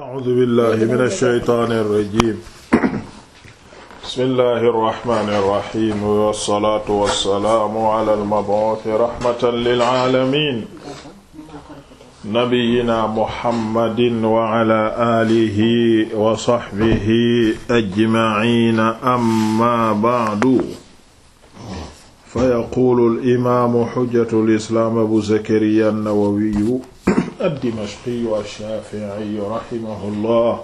a'uuzu billaahi mina shaytaani rajiim bismillaahi rahmaani rahiim wa salaatu wa salaamu alal mab'uusi rahmatan lil aalamiin nabiyyinaa muhammadin wa alaa aalihi wa sahbihi ajma'iin ammaa ba'du fa yaquulu al imaamu hujjatul islaam abu zakariyaa an-nawawi ad-Dimashqi ash-Shafi'i rahimahullah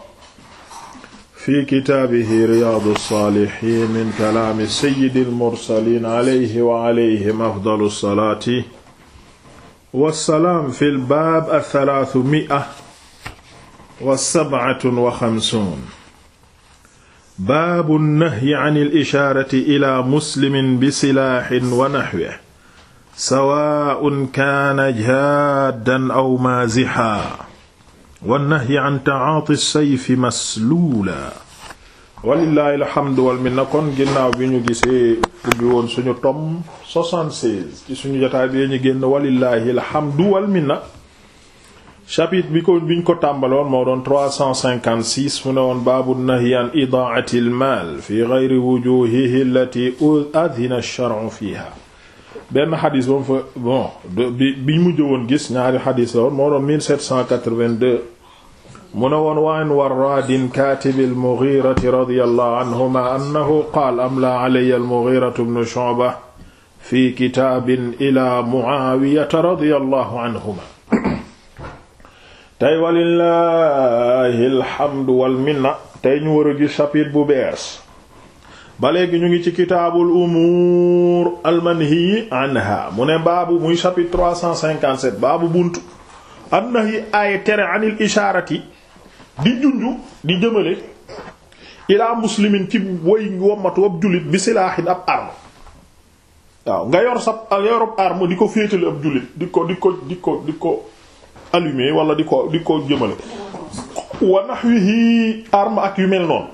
fi kitaabihi Riyaadu s-Saalihiin min kalaami sayyidi l-mursaliin alayhi wa alayhim afdalu s-salaati wa s-salaam fi l-baab ath-thalaathumia wa sab'atun wa khamsuun baabu n-nahyi an al-ishaarati ilaa muslimin bi silaahin wa nahwihi sawaun kaana jaadan aw maazixaa wannahyi an taati sayfi masluula walilaahi alhamdu walminna kon ginnaaw bi ñu gisee ubbi woon suñu tom 76 ci suñu jotaay bi ñu génn walilaahi alhamdu walminna chapitre bi ko biñ ko tàmbaloon moo doon 356 mu ne woon baabu nahyi an idaa'ati almaal fi gayri wujuuhihi allati adhina ash-shar'u fiihaa benn xadis ba mu fa bon bi bi mujj woon gis ñaari xadis la woon moo doon 1782 mu ne woon waan fi kitaabin ila muaawiyata radiyallahu anhuma tey walillahi alhamdu walminna tey ñu war a gis chapitre ba léegi ñu ngi ci kitaabul umuur almanhiyi anha mu ne baabu muy chapitre 357 baabu bunt annahyi ay tere anil ishaarati di junju di jëmale ilaa muslimin ci way wommatu ab jullit bi silaahin ab arme waaw nga yor sa yorub arme di ko féetale ab jullit di ko di ko di ko di ko allumer wala di ko di ko jëmale wa nahwihi arme ak yu mel noonu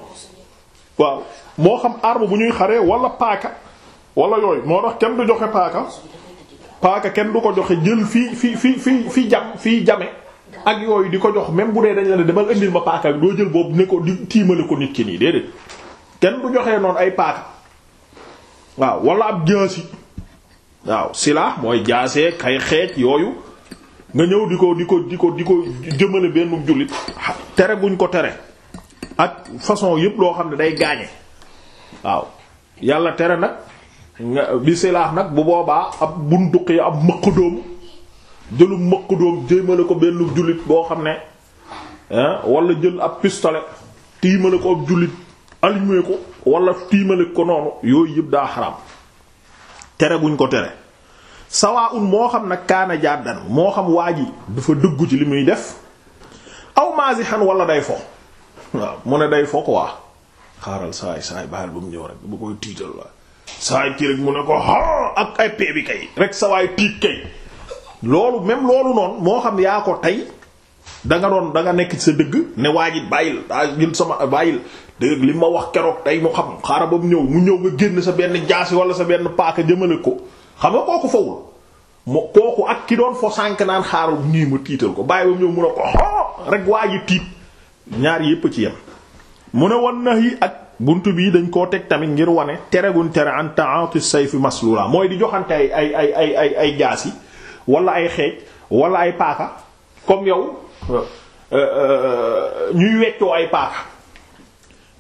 waaw moo xam arme bu ñuy xaree wala paaka walla yooyu moo tax kenn du joxe paaka paaka kenn du ko joxe jël fii fii fii fii fi jam fii jame ak yooyu di ko jox même bu dee dañ la ne demal indil ma paaka bi doo jël boobu ne ko di tiimale ko nit ki nii déedéet kenn du joxee noonu ay paaka waaw wala ak jaasi waaw silaax mooy jaasee kay xeej yooyu nga ñëw di ko di ko di ko di ko jëmale benn jullit tere buñ ko tere ak façon yëpp loo xam ne day gaañe waaw yàlla tere nag nga bi silaax nag bu boobaa ab bunduqi ab mëqadóom jëlum mëqadóom jéemale ko benn jullit boo xam ne wala jël ab pistolet tiimale ko ab jullit allumé ko wala tiimale ko noonu yooyu yëpp daa xaram tere guñ ko tere sawaa un moo xam nag kaana jàddan moo xam waa ji dafa dëggu ci li muy def aw maasi xan wala day fo waaw mu ne day fokk waa xaaral saay saay baal ba mu ñëw rek bu koy tiital waa saay kii rek mu ne ko ak ay pee rek sa waay tiit loolu même loolu noonu moo xam yaa ko tey da nga doon nekk sa dëgg ne waa ji bàyyil daa sama bàyyil dëgg li ma wax keroog tey mu xam xaaral ba mu ñëw mu ñëw nga génn sa benn jaasi wala sa benn paaka jëmale ko xam nga kooku fawul mo kooku ak ki doon fo sànk naan xaaral nii ma tiital ko bàyyi ba mu ñëw mu ne ko rek waa ji tiit. ñaar yépp ci yem mu ne wan nax yi ak bunt bii dañ koo teg tamit ngir wane tereguñ tere an ta'ati sayfi maslula mooy di joxante ay ay ay ay ay ay wala ay xeej walla ay paaka comme yow euh, euh, ñuy weccoo ay paaka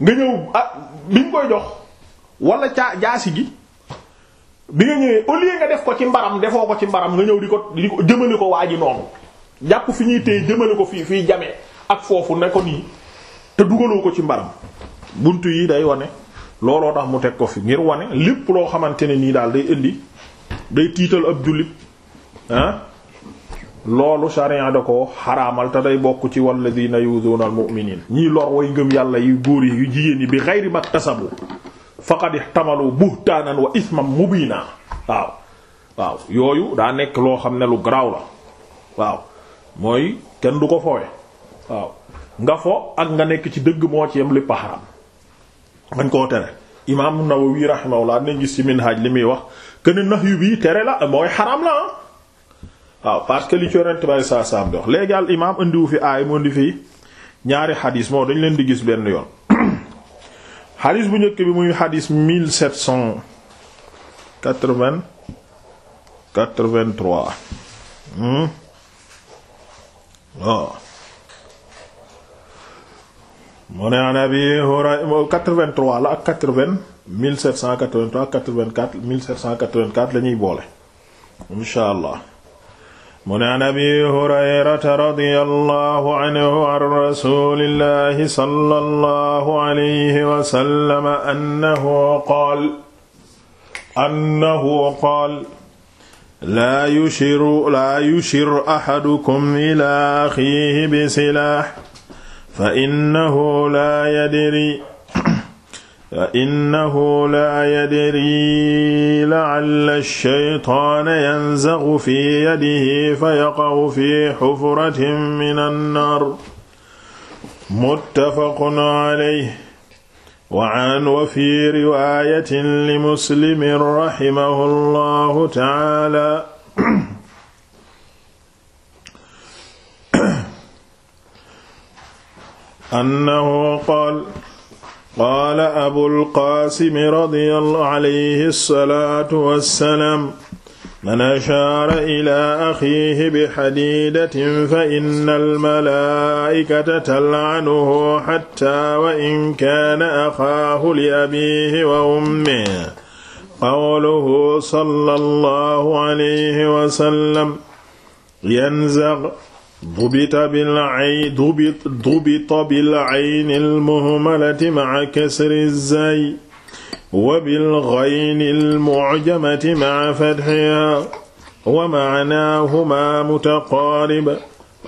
nga ñëw ah bi ñu koy jox walla caa jaasi gi bi nga ñëwee au lieu nga def ko ci mbaram defoo ko ci mbaram nga ñëw di ko di ko jëmale waa ji noonu jàpp fi ñuy téye jëmale ko fii fii jame ak foofu ne ko nii te dugaloo ko ci mbaram bunt yi day wane looloo tax mu teg ko fi ngir wane lépp loo xamante ne nii daal day indi day tiital ak jullit ah. loolu sharia da ko xaraamal te day bokk ci walladina yu'dhuna al-mu'minin ñii lor way ngëm yàlla yu góor yi jigéen yi bi ghayri maktasabu faqad ihtamalu buhtaanan wa isman mubina waaw waaw yooyu daa nekk loo xam ne lu garaaw la waaw mooy kenn du ko fowe waaw nga fo ak nga nekk ci dëgg moo ci yem lépp a xaram dañ koo tere imaam Nawawi rahimahullah dinañ gis ci Minhaj li muy wax këni nax yu bii tere la mooy xaram la ah. waaw parce que li ci yonent bari saa saam di wax léegi al imaam indiwu fi aay mu indi fi ñaari xadiis moo dañ leen di gis benn yoon xadiis bu njëkk bi muy xadiis 1780 83 waaw mu ne an Abi Hurayra 83 la ak 80 1783 84 1784 la ñuy boole insha allah mu ne an Abi Hurayrata radiyallahu anhu an rasulillahi sallallahu alayhi wa sallam annahu qaala annahu qaala laa yushir laa yushir ahadukum ilaa axiihi bi silaah fa innahu laa yadri fa innahu laa yadri la'alla ash-shaytaana yanzaghu fi yadihi fa yaqa'u fi hufratin min an-naar muttafaqun alayhi wa an wa fi riwaayatin li Muslim rahimahu llahu ta'aala annahu qaal qaala abul qaasim radiyallahu alayhi salaatu wassalaam man ashaara ilaa axiihi bi xadiidatin fa inna almalaa'ikata tal'anuhu xattaa wa in kaana axaahu li abiihi wa ummihi qawluhu sallallahu alayhi wa sallam yanzagh dubita bil ayn dubita bil ayn al muhmalati ma'a kasri zay wa bil ghayn al mu'jamati ma'a fathiha wa ma'naahuma mutaqaarib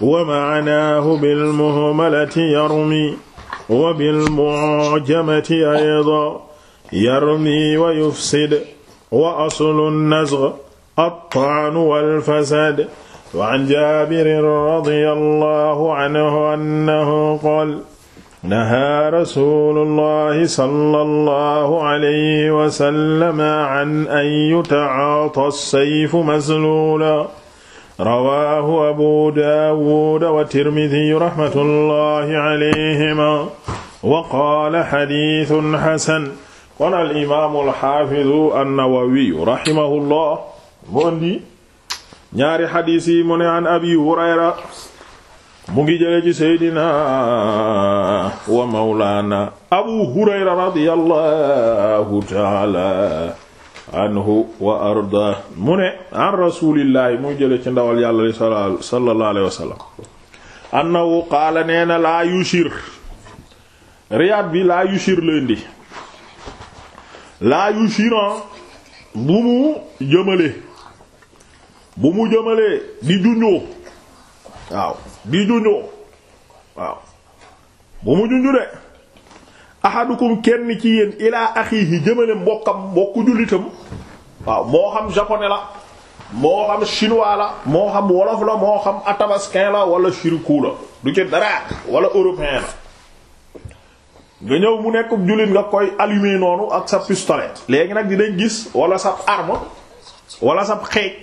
wa ma'naahu bil muhmalati yarmi wa bil mu'jamati aydan yarmi wa yufsid wa aslu an-nazgh at-ta'n wal fasad waan jaabirin radiyallahu anhu annahu qaal nahaa rasuulullahi sallallahu alayhi wa sallam an an yuta'aata as-sayfu masluula rawaahu abu daawuda wa tirmidiyu rahmatullahi alayhima wa qaala xadiisun xasan kon al imaamu al xaafidu an-nawawiyu rahimahullah ñaari xadiis yi abi hurayra mu ngi jële ci seydina wa mawlaana abu hurayra radiyallahu taala anhu wa arda mu an rasuulillaahi mu ngi jële ci ndawal yàlla sallallahu alayhi wa sallam annahu qaala nee na yushir riyaat bi laa yushir lëndi laa yushira bu mu jëmale bu mu jëmalee di junjoo waaw di junjoo waaw bu mu junju de ahadukum kenn ci yéen ilaa axiihi jëmale mbokkam mbokku jullitam waaw moo xam japonais la moo xam chinois la moo xam wolof la moo xam atabaskin la wala chiriku la du ci dara wala européen la nga ñëw mu nekk jullit nga koy allumer noonu ak sa pistolet léegi nag di dinañ gis wala sa arme wala sa xeej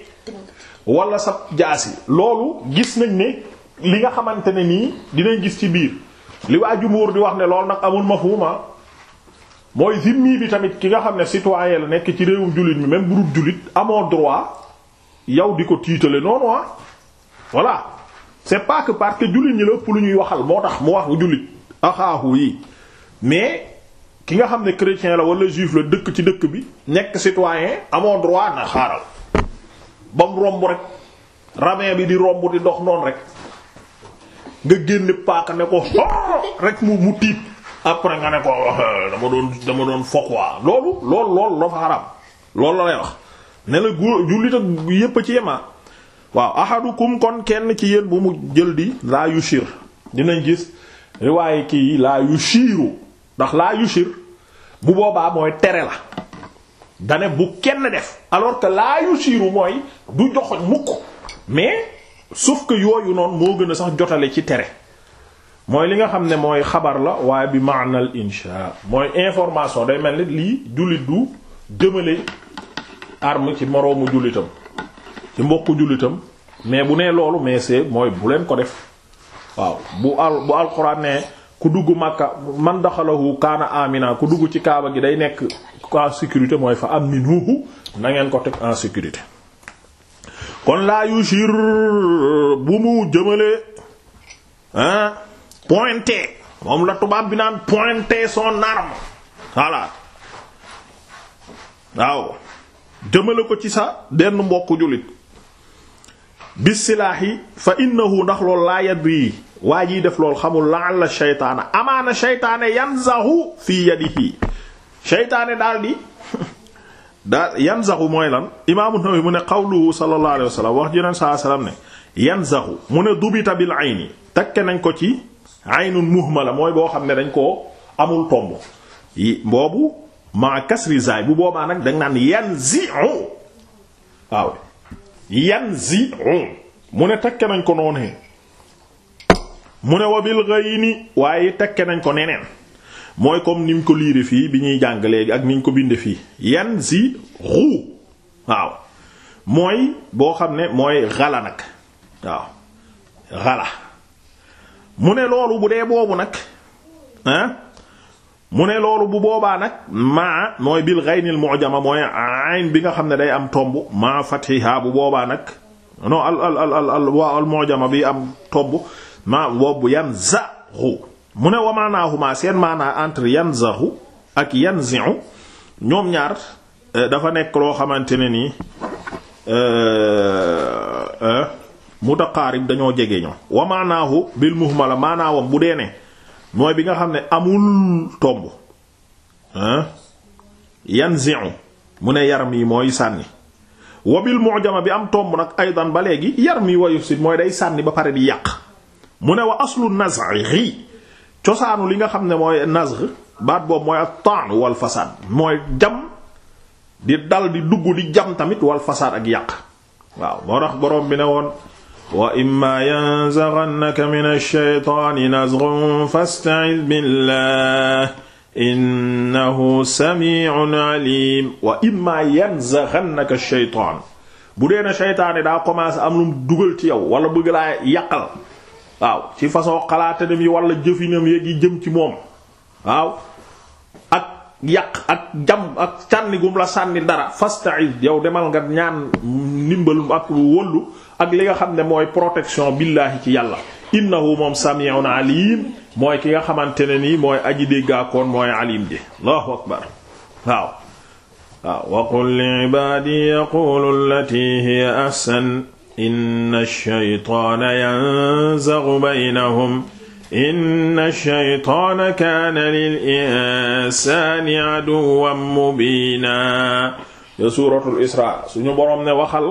wala sa jaasi loolu gis nañ ni li nga xamante ne nii dinañ gis ci biir li waa jumóor di wax ne loolu nag amul ma mafhuma ah. mooy zimmi bi tamit ki nga xam ne citoyen la nekk ci réewum jullit mi même bu dul jullit amoo droit yow di ko tiitale noonu ah voilà c'est pas que parce que jullit ñi la ëpp lu ñuy waxal moo tax mu wax bu jullit axaahu yi mais ki nga xam ne chrétien la wala juif la dëkk ci dëkk bi nekk citoyen amoo droit na xaaral ba mu romb rek rabbin bi di romb di dox noonu rek nga génn paaka ne ko rek mu mu tiit après nga ne ko oh, dama doon dama doon fo quoi loolu loolu loolu dafa xaram loolu la lay wax ne la jullit ak yépp a ci yema ah. waaw ahadukum kon kenn ci yéen bu mu jël di laa yushir dinañ gis riwaaye kii laa yushiru ndax laa yushir bu boobaa mooy tere la dane bu kenn def alors que laa siiru mooy du joxoñ mukk mais sauf que yooyu noonu moo gën a sax jotale ci tere mooy li nga xam ne mooy xabar la waaye bi maanal insha mooy information day mel ni lii jullit du jëmale arme ci moroomu jullitam ci mbokku jullitam mais bu nee loolu mais c'est mooy bu ko def waaw bu al bu alxuraan nee ku dugg Makka man daxalahu kaana amina ku dugg ci kaaba gi day nekk en sécurité mooy fa aminuhu na nangeen ko teg en sécurité kon laa yushir bu mu jëmale hein pointé moom la tubaab bi naan pointé son arme voilà waaw jëmale ko ci sax benn mbokku jullit bi silaahi fa innahu ndax lool laa yadri waa jiy def lool xamul la'alla shaytaana amaana shaytaane yanzahu fii yadihi shaytaane daal di daal yanzahu mooy lan imaamu Nawawi mu ne qawluhu sallallahu alayhi wa sallam wax ji neen saa salaam ne yanzahu mu ne dubita bil ayni takke nañ ko ci aynun muhmala mooy boo xam ne dañ ko amul tomb boobu ma kasri zaay bu boobaa nag dañ naan yanzi'u waaw yanzi'un mu ne takke nañ ko noonee mu ne wabil ghayni waaye takke nañ ko neneen mooy comme niñ ko liire fii bi ñuy jàng léegi ak niñ ko binde fii yanzi'u waaw mooy boo xam ne mooy xala nag waaw xala mu ne loolu bu dee boobu nag mu ne loolu bu boobaa nag maa mooy bil ghaynil mu'jama mooy ayn bi nga xam ne day am tomb maa fathiha bu boobaa nag non al al al al bi am tomb maa boobu yanzahu mu ne wa maanaahuma seen maanaa entre yanzahu ak yanzi'u ñoom ñaar eh, dafa nekk loo xamante ne nii eh, eh, mutaqaarib dañoo jege ñoom. wa maanaahu bil muhmala maanaawam bu dee mooy bi nga xam ne amul tomb ah yanzi'u mu ne yaram yi mooy sànni wabil mu'jama bi am tomb nag aydan ba léegi yaram yi wayu si mooy day sànni ba pare di yàq mu ne wa aslu naz'i cosaanu li nga xam ne mooy nazx baat boobu mooy at-ta'n wal fasaad mooy jam di dal di dugg di jam tamit wal fasaad ak yàq waaw moo tax borom bi ne woon wa imma yanzaghannaka mina shaytaani nazghun fasta'iz billah innahu sami'un alim wa imma yanzaghannaka shaytaan bu dee na shaytaane daa commencé am lu mu dugal ci yow wala bëgg laa yàqal waaw ci façon xalaatanam yi wala jëfinam yi jëm ci moom waaw yàq ak jam ak sànni gum la sànni dara fasta'iz yow demal nga ñaan ndimbalum ak wëllu ak li nga xam ne mooy protection billaahi ci yàlla innahu moom sami'un alim mooy ki nga xamante ne ni mooy aji déggaakoon mooy alim ji allahu akbar waaw waaw wa qul li ibadi yaqulu allati hiya ahsan inna ash-shaytana yanzaghu baynahum inna shaytaana kaana lil insaani aduwwan mubiina ya suuratul isra suñu boroom ne waxal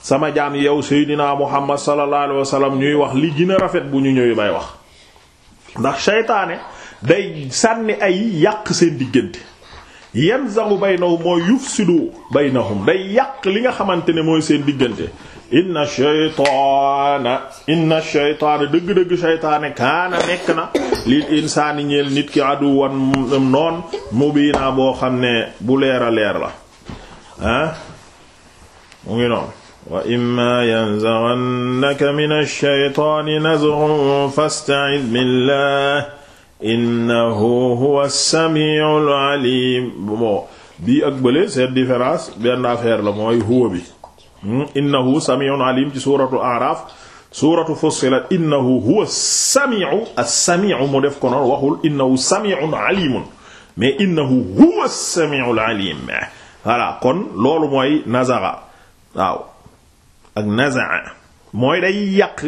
sama jaam yow seydinaa muhammad sallallahu alayhi wasallam ñuy wax li gën rafet bu ñu ñëwee bay wax ndax shaytaane day sànni ay yàq seen diggante yanzaxu baynahum mooy yufsidu baynahum day yàq li nga xamante ne mooy seen diggante inna shaytaana inna shaytaana dëgg-dëgg shaytaane kaana nekk na lil insaani ñeel nit ki aduwan noon mubiina boo xam ne bu leer a leer la ah mu ngi noonu wa imma yanzaghannaka minash shaytaani nazghun fasta'id billah innahu huwas samiul alim bon bii ak bële cette différence benn affaire la mooy huwa bi Hmm? innahu samiun alim ci suuratu araaf suuratu fussilat innahu huwa samiu as-samiu mu def ko noonu waxul innahu samiun alimun mais innahu huwa samiul voilà kon loolu mooy nazara waaw ak nazaa mooy day yàq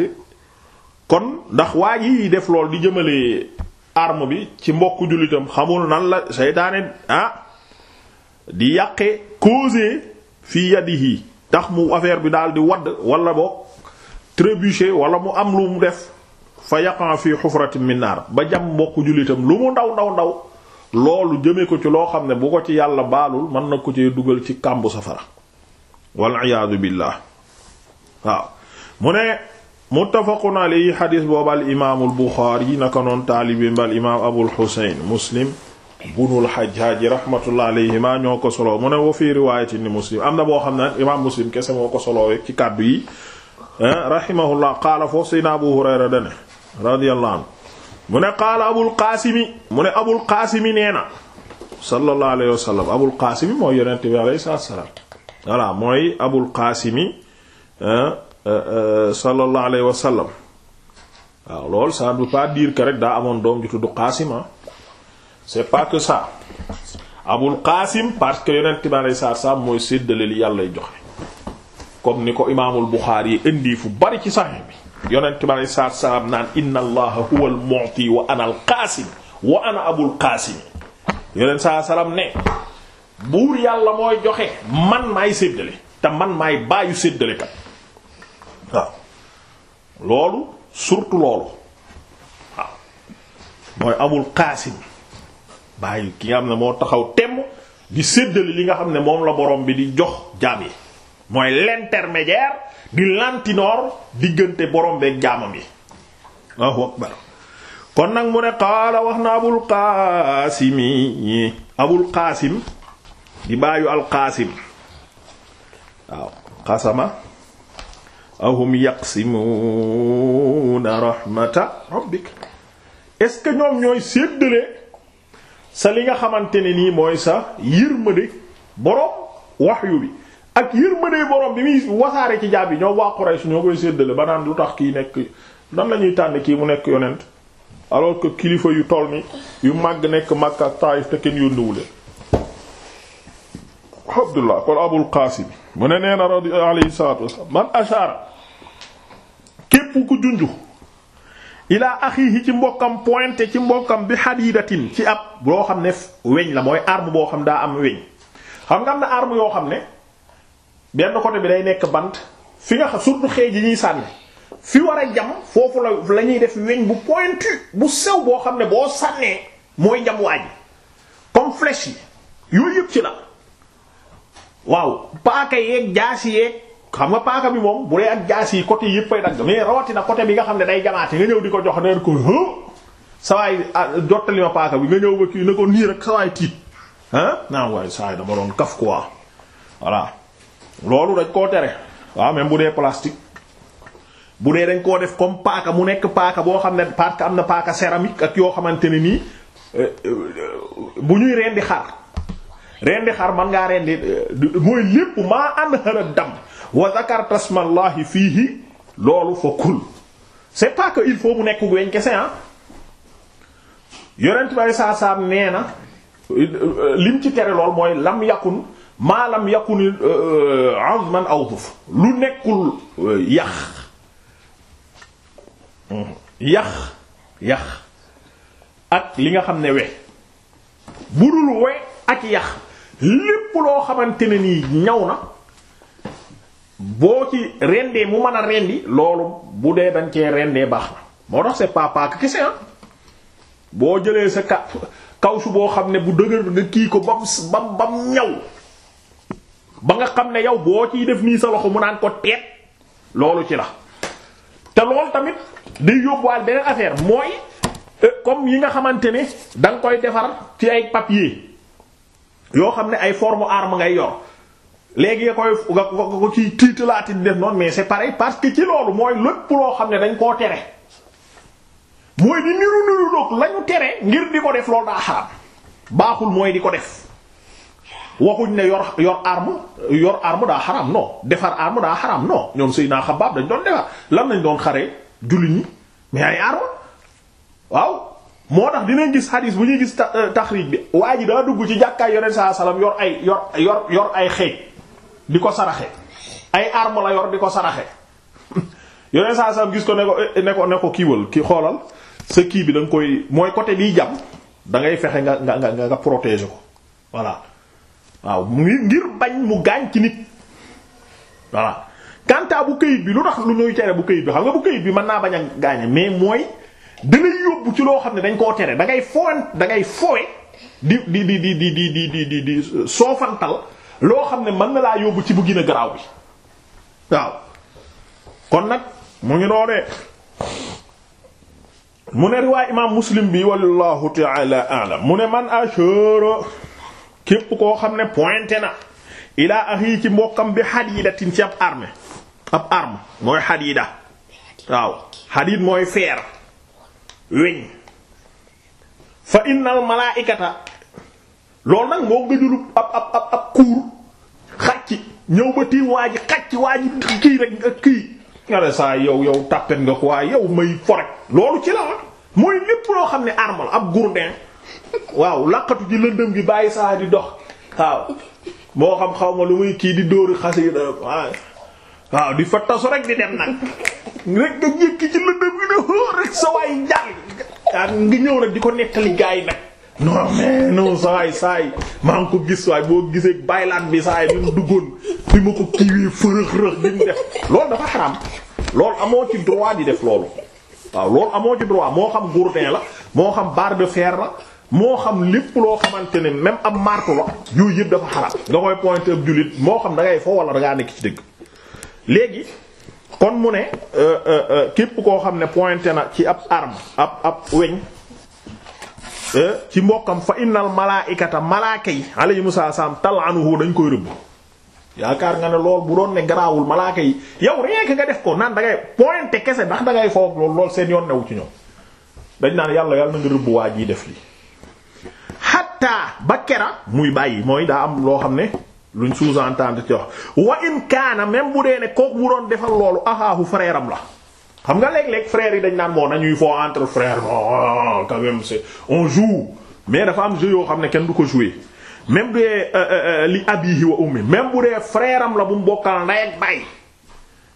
kon ndax waa ji def lool di jëmale arme bi ci mbokku jullitam xamul nan la seytaane ah, di yàqe cause fii yadihi ndax mu affaire bi daal di wadd wala boog trébuché wala mu am lu mu def fa yaqan fii xufratin min ba jam mbokku jullitam lu mu ndaw ndaw ndaw loolu jëme ko ci loo xam ne bu ko ci yàlla baalul mën na ko ci dugal ci kàmbu safara wal iyaadu billah waaw mu ne muttafaqun alayhi xadiis boobu al imaamul buxaari naka noon taalibi mbal imaam abul xuseyn muslim bunul Hajjaaj rahmatullah alayhima ñoo ko solo mu ne wa fii muslim am na boo xam ne imaam muslim kese moo ko solowee ci kàddu yi eh, rahimahullah qaala foofu sayna abu hurayra dane radiyallahu anhu mu ne qaala abul qaasimi mu ne abul qaasimi nee alayhi wa sallam abul mooy yonent bi alayhi salaam voilà mooy abul qaasimi eh, eh, sallallahu alayhi wa sallam waaw loolu ça ne veut pas rek daa amoon doom ju tuddu c'est pas que ça abul qaasim parce que yonent bi alei saatu mooy séddale li yàllay joxe comme ni ko imaamul buxaari indi fu bari ci saxix bi yonent bi alei saatu salaam naan inna allaha huwa al wa ana al wa ana abul qaasim yonent saa salaam ne buur yàlla mooy joxe man maay séddale te man maay bàyyu séddale kat waaw loolu surtout loolu waaw mooy abul qaasim bàyyi ki nga xam ne moo taxaw temm di séddale li nga xam ne moom la borom bi di jox jaam yi mooy l'intermédiaire di lantinoor diggante borom beeg jaamam yi kon nag mu ne qaala wax na abul qaasimi abul qaasim di bàyyu al qaasim waaw qasama ahum yaqsimuna rahmata rabbik est-ce que ñoom ñooy séddale sa li nga xamante ne nii mooy sa yërmande borom waxyu bi ak yërmande borom bi muy wasaare ci jaab yi ñoom waa Quraysh ñoo koy séddalee ba naan lu tax kii nekk nan lañuy ñuy tànn kii mu nekk yonent alors que kilifa yu toll ni yu màgg nekk Makka ak Taayif te kenn yónniwu leen Abdullah kon Abul Qaasim mu ne nee na radi alayhi salaatu man ashaara képp ku junju ilaa yi ci mbokkam pointé ci mbokkam bi hadidatin ci ab boo xam ne weñ la mooy arme boo xam daa am weñ xam nga am na arme yoo xam ne benn côté bi day nekk bant fi nga xam surtout xeej yi ñuy sànni fi war a jam foofu la lañuy def weñ bu pointu bu sew boo xam ne boo sànnee mooy jam waaj comme flèche yi yooyu yëpp ci la waaw paaka yeeg jaasi yeeg xam nga paaka bi moom bu dee ak jaas yi côté yëpp fay dagg mais rawatina côté bi nga xam ne day jamaate nga ñëw di ko jox neen ko sawaay ah, jottali ma paaka bi nga ñëw ba kii na ko nii rek sawaay tiit ah naan waaye sawaay dama doon kaf quoi voilà loolu dañ koo tere waaw même bu dee plastique bu dee dañ koo def comme paaka mu nekk paaka boo xam ne paaka am na paaka céramique ak yoo xamante ne nii euh, euh, bu ñuy rendi xar rendi xar man ngaa rendi euh, mooy lépp maa ànd xara dam wa zakarta ismallahi fiihi loolu fa kul c'est pas que il faut mu nekk weñ kese ah yonent bay saa saam nee na lim ci tere lool mooy lam yakun maa lam yakun euh, azman aw duf lu nekkul yàq yàq yàq ak li nga xam ne we bu dul we ak yax lépp loo xamante ne nii ñaw na boo ci rendee mu mën a rendi loolu bu dee dañ cee rendee baax na moo tax c'est pas pas kese ah boo jëlee sa ka kawsu boo xam ne bu dëgër nga kii ko bam bam bam ñaw ba nga xam ne yow boo ciy def nii sa loxo mu naan ko teet loolu ci la te loolu tamit day yóbbuwaal beneen affaire mooy e, comme yi nga xamante ne danga koy defar ci ay papier yoo xam ne ay forme arme ngay yor léegi nga koy nga ko ciy ti di def noonu mais c'est pareil parce que ci loolu mooy lépp loo xam ne dañ koo tere mooy di niru niru doog lañu tere ngir di ko def loolu daa xaram baaxul mooy di ko def waxuñ ne yor yor arme yor arme daa xaram non defar arme daa xaram non ñoom Seydina Xabbaab dañ doon defar lan lañ doon xare jullit ñi mais ay waaw moo tax dinañ gis xadiis bu ñuy gis euh, taxriij bi waa ji daa dugg ci jàkkaay yoneen saa salaam yor ay yor yor yor ay xeej di ko saraxe ay arme la yor di ko saraxe yoneen saa saa gis ko ne ko ne ko ne ko kiiwal ki xoolal sa kii bi da koy mooy côté biy jam dangay fexe nga nga nga nga protéger ko voilà waaw ngir bañ mu gaañ ci nit voilà kanta bu këyit bi lu tax lu ñuy tere bu këyit bi xam nga bu këyit bi man naa bañ a gaañe mais mooy dana yóbbu ci loo xam ne dañ koo tere da ngay fowe da ngay fowe di di di di di di di di di soofantal loo xam ne mën na laa yóbbu ci bu gën a bi waaw kon nag mu ngi noonee mu ne riwaay imaam muslim bi wallahu ta'ala mu ne man ashara képp koo xam ne pointé na ilaa axi ci mbokkam bi hadidatin ci ab arme ab arme mooy hadida waaw hadid mooy feer weñ fa innal malaa'ikata loolu nag moo gëjulub ab ab ab kuur xacc ñëw ba tiim waa ji xacc waa ji kii rek kii nga ne saa yow yow tàppet nga ko waaye yow may forek loolu ci la ah mooy lépp loo xam ne armal ab gourdin waaw laqatu ci lëndëm gi bàyyi saa di dox waaw moo xam xaw ma lu muy kii di dóori xasi waaw di fa rek di dem nag rek nga jékki oh, waaw ngi ñëw nag di ko nettali gaay nag. non mais non saay saay maa ngi ko gis waay boo gisee baylaat bi saay bi mu duggoon bi ma ko kiiwee fërëx rëx bi def loolu dafa xaram loolu amoo ci droit di def loolu waaw loolu amoo ci droit moo xam gourdin la moo xam barre de fer la moo xam lépp loo xamante ne même ab marto la yooyu yëpp dafa xaram nga koy pointé ab jullit moo xam da ngay fo wala da ngaa nekk ci dëgg léegi kon mu ne euh, euh, euh, képp koo xam ne pointé na ci ab arme ab ab weñ Eh? ci mbokkam fa innal malaayikata malaaka yi alayhimu salaam tal'anuhu dañ koy rëbb yaakaar nga ne lool bu doon ne garaawul malaaka yi yow rekk nga def ko naan da ngay pointé kese ndax da ngay foog lool lool seen yoon newu ci ñoom dañ naan yàlla yàlla na nga rëbb waa ji def li hatta ba kera muy bàyyi mooy daa am loo xam ne luñ sous-entendre ci wax wa in kaana même bu dee ne kooku bu doon defal loolu axaahu frère la xam nga léeg-léeg frères yi dañ naan moo nañuy foo entre frères bon oh, oh, oh, quand même c'est mais dafa am jeu yoo xam ne kenn du ko jouer même bu dee euh, euh, euh, li abihi wa ummi même bu dee frère am la bu mu bokkal ndey ak baay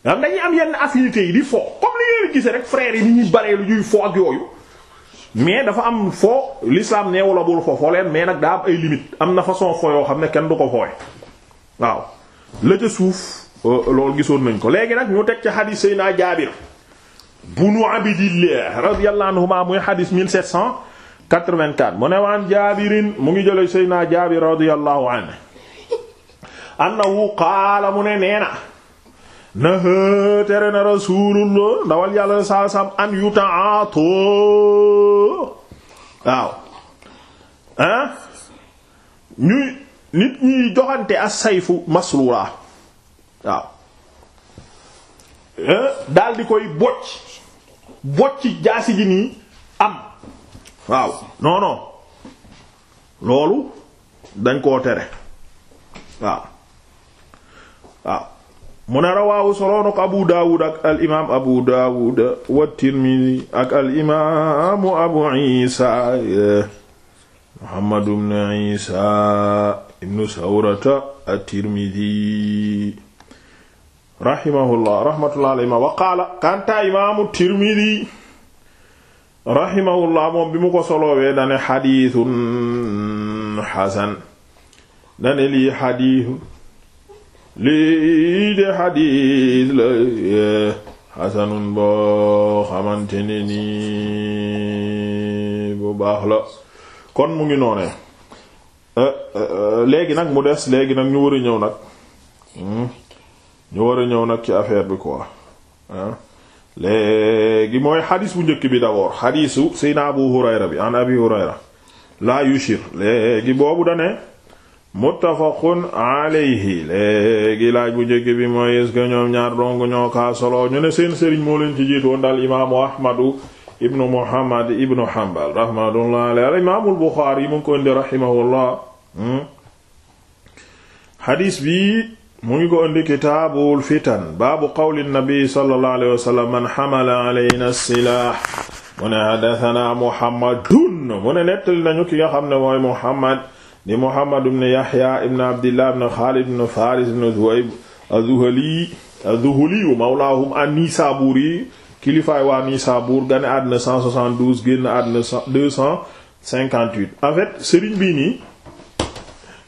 am dañuy am yenn affinités yi di foo comme li ngeen gisee rek frères yi ni ñuy baree lu ñuy foo ak yooyu mais dafa am foo l'islam neewu la bul foo foo leen mais nag daa am ay limites am na façon foo yoo xam ne kenn du ko fooy waaw la ca suuf loolu gisoon nañ ko léegi nag ñu teg ci hadith Seydina Jaabir bunu abdillah radiyallahu anhuma muy xadis mu ne waan jaabirin mu ngi jële seydinaa jaabir radiyallahu anhu annahu qaala mu ne nee na tere na rasulullah ndawal yàlla saa sam an yutaato waaw ah ñuy nit ñuy joxante as-sayfu maslula waaw eh? daal di koy bocc bocci jaasi ji am waaw non loolu dañ koo tere waaw mu ne rawaawu soloon abu daawud ak al imaam abu daawud wa tirmidi ak al imaamu abu isa muhammad ibn isa ibnu sawrata at tirmidi rahimahullah rahmatullah alayhima wa qaala kantaa imaamu tirmidi rahimahullah moom bi mu ko soloowee dane xadiisun xasan dane lii xadiisun lii de xadiis la xasanun boo xamante ne ni bu baax la kon mu ngi noone eh, eh, eh, léegi nag mu des léegi nag ñu war ñëw nag hmm? ñu war a ñëw nag ci affaire bi quoi ah léegi mooy xadis bu njëkk bi d'abord xadisu sayna Abu Hurayra bi an Abi Hurayra la yushir léegi boobu dane muttafaqun alayhi léegi laaj bu njëkk bi mooy est ñoom ñaar dong ñoo kaa solo ñu ne seen sëriñ moo leen ci jiitoon daal imaamu ahmadu ibnu muhammad ibnu hanbal rahmatullah imaamul buxaari yi ko indi rahimahullah hmm. xadis bi mu ngi ko indi kitaabul fitan baabu qawli nabi sallallahu alayhi wa sallam man hamala alayna as-silaah mu ne haddathana muhammadun mu ne nettali nañu ki nga xam ne mooy muhammad di muhammad yahya ibn abdillah ibn xaalid ibn faris ibn dhuwayb az-zuhli az-zuhli mawlaahum kilifaay waa nisabur gane àddina génn àddina en fait sëriñ bi nii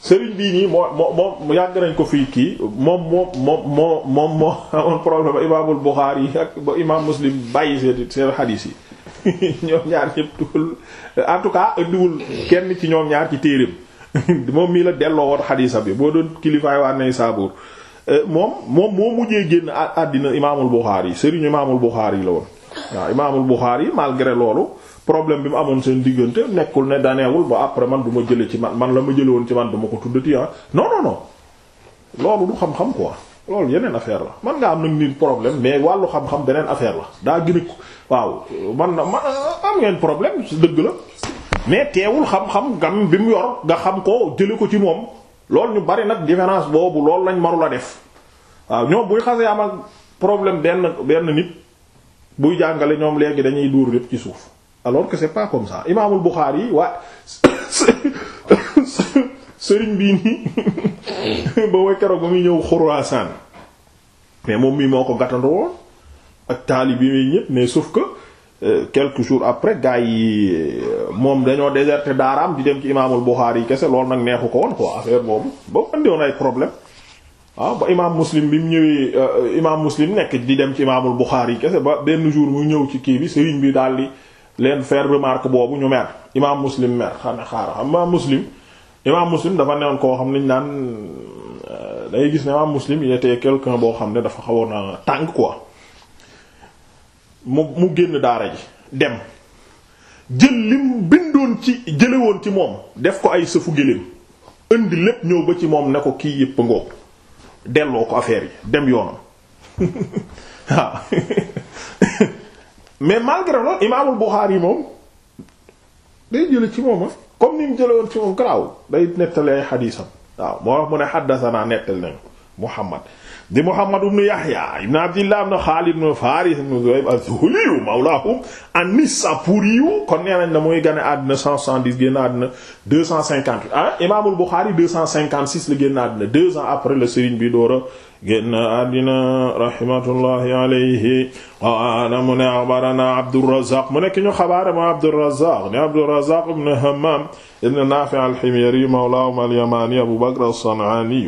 sëriñ bii nii moo moo moom yàgg nañ ko fii kii moom moom moom moo moom moo amoon problème imaamul yi ak ba imaam Muslim seen seen xadiis en tout cas ëddiwul kenn ci ñoom ñaar ci moom mii la delloo woon xadiisa bi boo doon kilifaay waa nay saabuur euh, moom moom moo mujjee génn àddina imaamul Buxaari yi sëriñ imaamul Buxaari yi la woon waaw imaamul Buxaari yi malgré loolu problème bi mu amoon seen diggante nekkul ne daneewul ba après man du ma jële ci man man la ma jële woon ci man du ma ko tuddati ah non non non loolu du xam-xam quoi loolu yeneen affaire la man nga am nag nit problème mais wàllu xam-xam beneen affaire la daa gën a waaw man na man ah, am ngeen problème si dëgg la mais teewul xam-xam gam bi mu yor nga xam ko jële ko ci moom loolu ñu bari nag différence boobu loolu lañ marul def waaw ñoom buy xasee am ak problème benn benn nit buy jàngale ñoom léegi dañuy duur ci suuf alors que c'est pas comme ça imaamul Buxaari waa sëriñ bii nii ba ma keroog muy ñëw Xurasaan mais moom mii moo ko gàttandu woon ak taali bi muy ñëpp mais sauf que euh, quelques jour après gars yi euh, moom dañoo déserté daaraam di dem ci imaamul Buxaari yi kese loolu nag neexu ko woon quoi affaire boobu ba andiwoon ay problème waaw ah, ba imaam muslim bi mu ñëwee euh, imaam muslim nekk di dem ci imaamul Buxaari yi kese ba benn jour mu ñëw ci kii bi sëriñ bi daal di. leen faire remarque boobu ñu mer imaam muslim mer xam ne xaaral xam imaam muslim imaam muslim dafa newoon koo xam ne naan euh, day gis ne imaam muslim il boo xam ne dafa xawoon na tàng quoi mu mu génn daara ji dem jël lim bindoon ci jëlewoon ci moom def ko ay sëfu gëléem indi lépp ñëw ba ci moom ne ko kii yëpp ngoog delloo ko affaire yi dem yoonam waaw mais malgré loolu imaamul Buxaari yi moom day jële ci moom ah. comme ni mu jële woon ci moom garaaw day nettali ay xadiisam waaw moo wax mu ne xaddasanaa nettali nañu Muhammad di Muhammad ibn Yahya ibn Abdillah ibn Khalid ibn Faris ibn Zuhayb az-Zuhli mawlahum an-Nisapuri kon nee nañ la mooy gane àddina 170 génn àddina 258 ah Imaamul Bukhari 256 la génn àddina deux ans après le Serigne bi door a génn àddina rahmatullahi alayhi qaala mu ne axbarana Abdurrazzaq mu nekk ñu xabaare ma Abdurrazzaq ne Abdurrazzaq ibn Hammam ibn Nafi' al-Himyari mawlahum al-Yamani Abu Bakr as-San'ani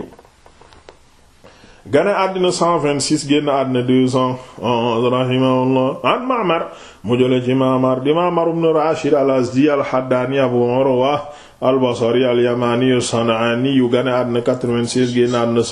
gane àddina 126 génn àddina 211 rahimahullah an Ma'mar mu jële ci Ma'mar di Ma'mar ibn Rashid al-Azdi al-Haddani Abu Urwa al-Basri al-Yamani sanani yu gane àddina 86 génn àddina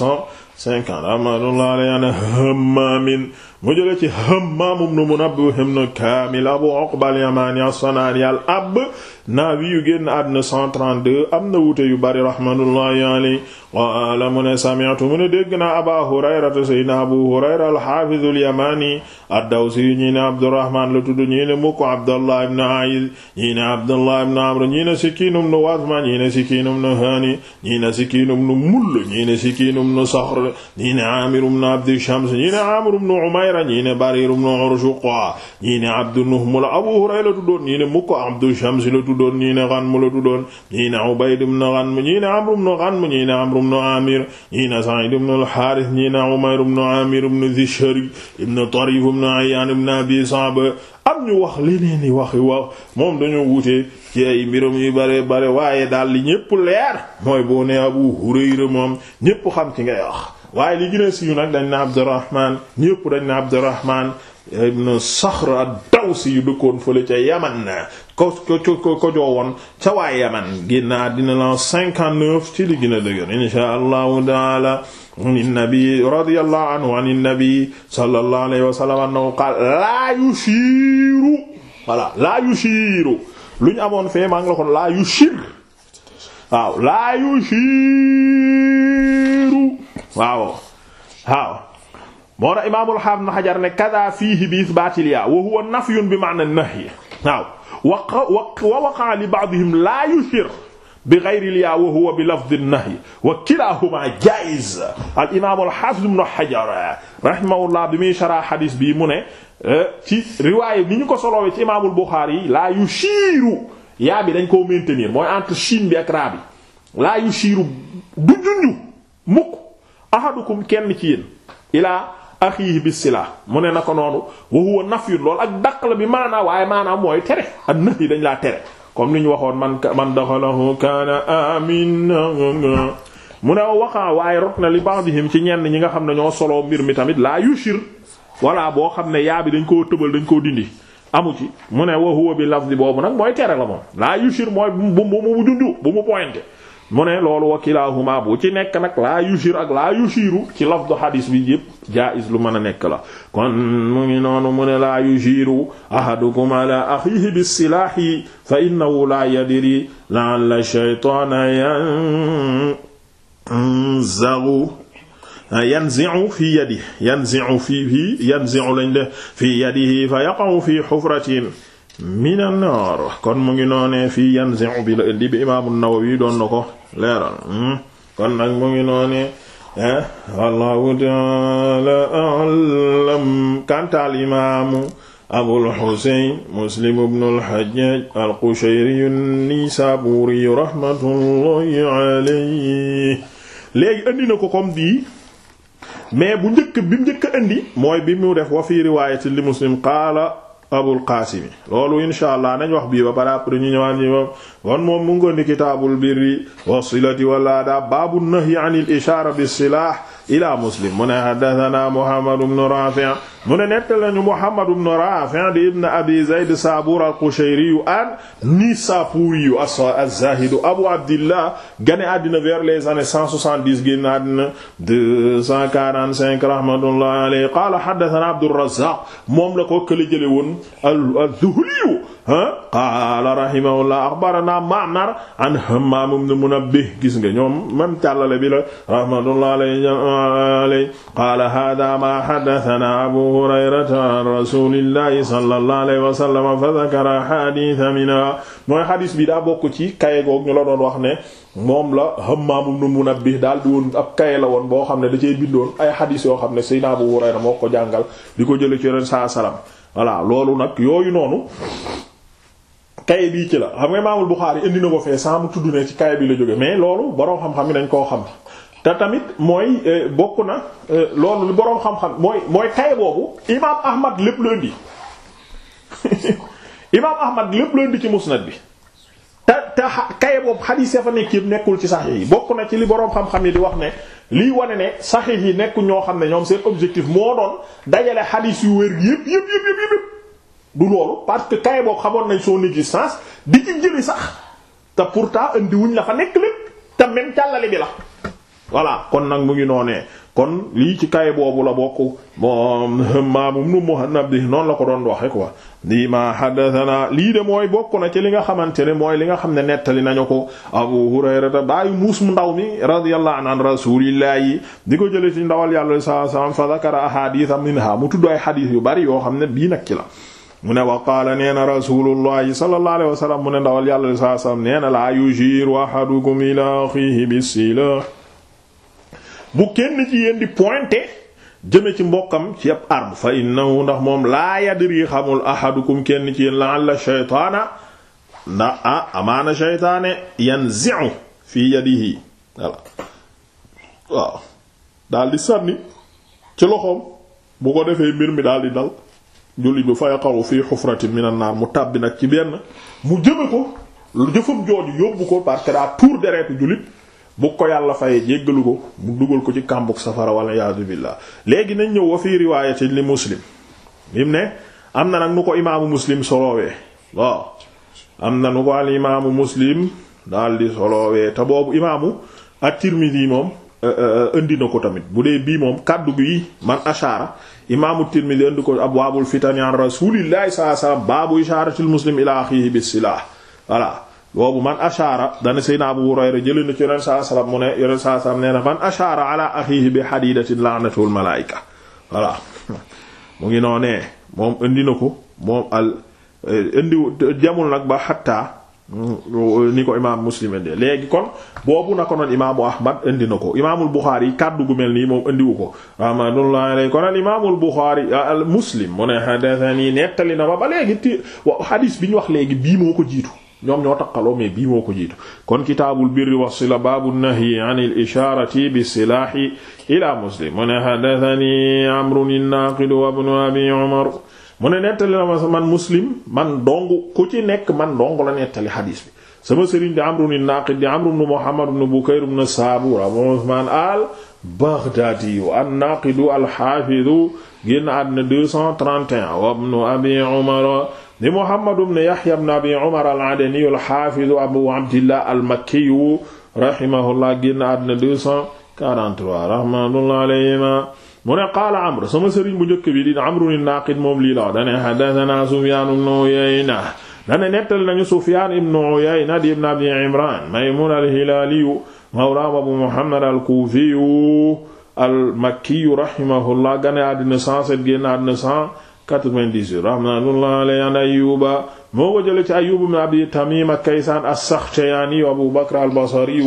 150 rahmatullahi alayhi Hammam mu jëlee ci Hammaam ibn Munabbih ibn Kaamil Abu Uqba al-Yamaani as-Sanaani al-Abnaawi yu génn àddina 132 am na wuute yu bari rahmatullahi alayhi qaala mu ne sami'tu mu ne dégg naa Abaa Hurayrata sayyidinaa Abu Hurayra al-Haafiz al-Yamaani ad-Dawsi ñii ne Abdurrahmaan la tudd ñii ne mukk Abdullah ibn A'iz ñii ne Abdullah ibn Amr ñii ne Sikiin ibn Wazma ñii ne Sikiin ibn Haani ñii ne Sikiin ibn Mull ñii ne Sikiin ibn Saxr ñii ne Aamir ibn Abdi Shams ñii ne Aamir ibn Umayr Hurayra ñii ne Barir ibn Urshuqa ñii ne Abdu Nuhm la Abu Hurayra la tuddoon ñii ne mukko Abdu Shams la tuddoon ñii ne Ghanm la tuddoon ñii ne Ubayd ibn Ghanm ñii ne Amr ibn Ghanm ñii ne Amr ibn Amir ñii ne Sa'id ibn al-Harith ñii ne Umayr ibn Amir ibn Dhishri ibn Tarif ibn Ayyan ibn Abi Sa'ba am ñu wax leneen ni waxi wax moom dañoo wute ci ay mbiram bare bare waaye daal li ñépp leer mooy boo Abu Hurayra moom ñépp xam ci ngay wax waaye li gën a siiw nag dañ ne Abdurrahman ñépp dañ ne Abdurrahman ibn Saxr ad-Dawsi yu dëkkoon fële ca Yaman ko ko cinquante-neuf ci li gën a dëgër inshaa Allahu taala an-nabi radiyallahu anhu an-nabi sallallahu alayhi wa sallam annahu qaala laa yushiiru voilà laa yushiiru lu ñu amoon fee maa ngi la ko laa waaw waaw moo na imaamul xaaf na xajar ne kada fiihi bi isbaatil yaa wa huwa nafyun bi ma'na nahyi waaw wa waqa'a li ba'dihim laa yushir bi ghayril yaa wa huwa bi lafdin nahyi wa kilaahumaa jaa'iz al imaamul xaafid ibn xajar rahimahullah bi muy shara xadiis bii mu ne eh, ci riwaaya ni ñu ko solowee ci imaamul buxaari laa yushiiru yaa bi dañ koo maintenir mooy entre chine bi ak raa bi laa yushiiru du junju mukk ahadukum kenn ci yéen ilaa axiihi bis mu ne na ko noonu wa huwa nafyun loolu ak dàq la bi maanaa waaye maanaa mooy tere ak nax yi dañ laa tere comme ni ñu waxoon man man daxalahu kaana amina mu ne waxaa waaye rot na li ba'dihim ci ñenn ñi nga xam ne ñoo soloo mbir mi tamit laa yushir walla boo xam ne yaa bi dañ koo tëbal dañ koo dindi amu ci mu ne wa huwa bi lafzi boobu nag mooy tere la moom laa yushir mooy bu mu junju bu mu pointé mu ne loolu wakilaahuma bu ci nekk nag laa yushir ak laa yushiru ci lafdu xadis bi yëpp jaiz lu mën a nekk la kon mu ngi noonu mu ne laa yushiru ahadukum ala axihi bisilaahi fa innahu laa yadiri la'alla shaytaana yanzagu yanzi'u fi yadihi yanzi'u fi yanzi'u lañ def fi yadihi fa yaqa'u fi hufratin minal naar kon mu ngi noonee fii yanzi'u bi la indi bi imaamu Nawawi doon na ko leeral hmm? kon nag mu ngi noonee eh, wallahu ta'ala a'lam kantaal imaamu Abul Husayn Muslim ibn al-Hajjaj al-Qushayri an-Nisaburi rahmatullahi alayhi léegi indi na ko comme di mais bu njëkk bi mu njëkk indi mooy bi mu def wa fi riwaayati li Muslim qaala abul qaasimi loolu insha allah nañ wax bii ba pare après ñu ñëwaat ñi moom kon moom mu ngi indi kitaabul birri wassilati wal aadaab baabu nahyi an al ishaara bis silaah ila muslim mu ne haddathana muhammad ibn rafi' mu ne nettal nañu Muhammad ibn Rafi' di ibn Abi Zayd Sabur al-Qushayri an Nisapuri az-Zahid Abu Abdillah gane àddina vers les années 170 génn àddina 245 rahmatullahi alayhi qala haddathana Abdurrazzaq moom la ko kële jële woon az-Zuhli ah, qala rahimahullah akhbarana Ma'mar an Hammam ibn Munabbih gis nga ñoom même tàllale bi la rahmatullahi ah, alayhi qala hadha ma haddathana Abu hurayrata an rasulillahi sallallahu alayhi wa sallam fa dhakara haditha mina mooy hadis bi daa bokk ci kaye goog ñu la doon wax ne moom la Hammaam ibn Munabbih daal di woon ab kaye la woon boo xam ne da cee bindoon ay hadis yoo xam ne Seydina Abu Hurayra moo ko jàngal di ko jële ci ren saa salaam voilà loolu nag yooyu noonu kaye bii ci la xam nga Imaamul Buxaari indi na ko fee saa mu tudd ne ci kaye bi la jóge mais loolu borom xam-xam yi dañ koo xam te tamit mooy euh, bokk na euh, loolu li boroom xam-xam mooy mooy tay boobu imaam Ahmad lépp la indi imaam Ahmad lépp la indi ci musnad bi te te kaye boobu xadiis ya fa nekk yëpp nekkul ci saxiix yi bokk na ci li boroom xam-xam yi di wax ne lii wane ne saxiix yi nekku ñoo xam ne ñoom seen objectif moo doon dajale xadiis yu wér yëpp yëpp yëpp du loolu parce que kaye boobu xamoon nañ son existence di ci jëli sax te pourtant indi wuñ la fa nekk lépp te même tàllale bi la. voilà kon nag mu ngi noonee kon lii ci kay boobu la bokk moom maamum nu muhannab di noonu la ko doon waxe quoi di ma hadathana lii de mooy bokk na ci li nga xamante ne mooy li nga xam ne nettali nañu ko abu hurayrata bàyyi muus mu ndaw mi radiyallahu an an rasulillahi di ko jële ci ndawal yàlla sallallahu alayhi wasallam fa zakara ahaditha minha mu tudd ay hadith yu bari yoo xam ne bii nag ci la mu ne wa qaala nee na rasulullahi solo alayhi wasallam mu ne yàlla sallallahu nee na la yujiru ahadukum ila bu kenn ci yéen di pointer jëme ci mbokkam ci ab arme fa innahu ndax moom laa yadri xamul ahadukum kenn ci yéen la'alla shaytaana ndax ah amaana shaytaane yanzi'u fii yadihi voilà waaw daal di sànni ci loxoom bu ko defee mbir mi daal di dal julli bi fa yaqaru fii xufratin minan mu tàbbi nag ci benn mu jëme ko jëfam jooju yóbbu ko parce que daa tuur deretu jullit bu ko yàlla fayee jéggalu ko mu dugal ko ci kàmbug safara wala iyaadu billah léegi nañ ñëw wa fii riwaayatin li muslim lim ne am na nag nu ko imaamu muslim solowee waaw am na nu ko al imaamu muslim daal di solowee te boobu imaamu at-Tirmidhi moom euh, euh, euh, indi na ko tamit bu dee bii moom kàddu gi man ashaara imaamu Tirmidhi indi ko abwaabul fitani an rasuulillahi sallallahu alayhi baabu ishaaratil muslim ila axiihi bis silaah boobu man ashaara dana Seydina Abu Hurayra jëlee ci yoneen saa salaam mu ne yoneen saa salaam nee man ashaara ala axiihi bi xadiidatin la'natul malaayika voilà mu ngi noonee moom indi na ko moom al eh, nag ba xattaa mm, ni ko imaam Muslim na ko noon imaamu Ahmad indi ko imaamul Buxaari kàddu mel nii moom indiwu ko rahmatullahi alayhi kon al imaamul Buxaari ah, al Muslim mu ne haddathanii nettali na ma ba léegi ti wa hadis bi wax léegi bii moo ko jiitu. ñoom ñoo taqaloo moo ko jiitu kon kitaabul birri wassila baabu nahyi an al isharati bi silaahi ila muslim mu ne hadathani amrun an-naqid wa abi umar mu ne nettali man muslim man dong ku ci nekk man dong la nettali xadiis bi sama sëriñ di amrun an-naqid di amru ibn muhammad ibn bukayr ibn saabur abu usman al baghdadi an-naqid al-haafid génn àddina 231 abi umar di Muhammad ibn Yahya ibn Abi Umar al-Adani al-Hafiz Abu Abdillah al-Makki rahimahullah génn àddina 243 rahmatullah alayhima mu ne qaala Amr sama sëriñ bu njëkk bi di Amr an-Naqid moom lii la dane haddathana Sufyan ibn Uyayna dane nettali nañu Sufyan ibn Uyayna di ibn Abi Imran Maymun al-Hilali mawla Abu Muhammad al-Kufi al-Makki rahimahullah gane àddina 107 génn àddina 98 rahmatullahi alayhi an Ayyuba moo ko jële ci Ayyub ibn Abi Tamim ak Kaysaan as-Saxtiyaani Abu Bakr al-Basri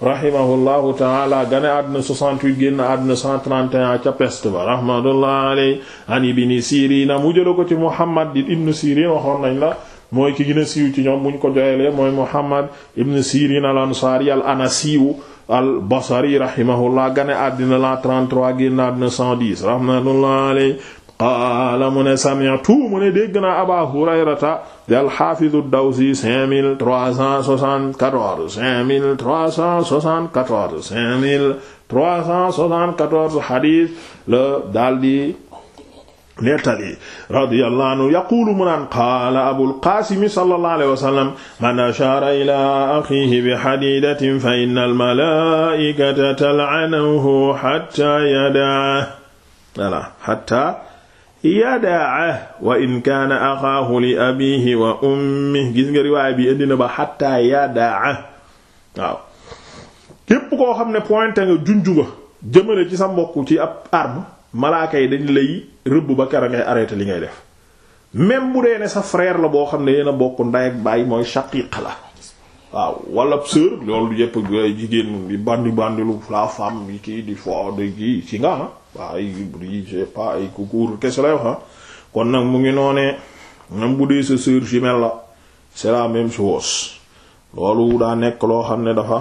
rahimahullahu ta'ala gane àddina 68 génn àddina 131 ca Pest ba rahmatullahi alayhi an Ibn Sirin mu jële ko ci Muhammad ibn Sirin waxoon nañ la mooy ki gën siiw ci ñoom buñ ko joxelee mooy Muhammad ibn Sirin al-Ansari al-Anasiyu al basari rahimahullah gane àddina la 33 génn àddina 110 rahmatullahi alayhi qaala mu ne sami'tu mu ne dégg naa Abaa Hurayrata di al-Haafiz ad-Dawsi cinq mille trois cent soixante-quatorze cinq mille trois cent soixante-quatorze cinq mille trois cent soixante-quatorze xadiis la daldi nettali radiyallahu anhu yaquulu mu naan qaala abul qaasimi sallallahu alayhi wa sallam man ashaara ilaa axiihi bi hadiidatin fa innal malaa'ikata tal'anuhu hattaa yadaa voilà hattaa yadaa wa in kaana axaahu li abihi wa ummi gis nga riwaay bi indi na ba xatta yadaa waaw képp koo xam ne pointe nga junju nga jëmale ci sa mbokk ci ab arme malaaka yi dañ lay rëbb ba kera ngay arrêté li ngay def même bu dee ne sa frère la boo xam ne yéen bokk ndey ak baay mooy shaqiq la waaw wala sœur loolu yépp jigéen bi bandi bandi lu la femme yi kii di fo de kii ci nga ah. waa ay bruit je sais ay concours kese lay wax kon nag mu ngi noonee même bu dee sa sœur jumelle la c'est la même chose loolu daa nekk loo xam ne dafa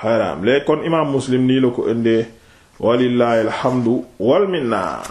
xaraam léegi kon imaam muslim nii la ko indee walillahi alhamdu wal minna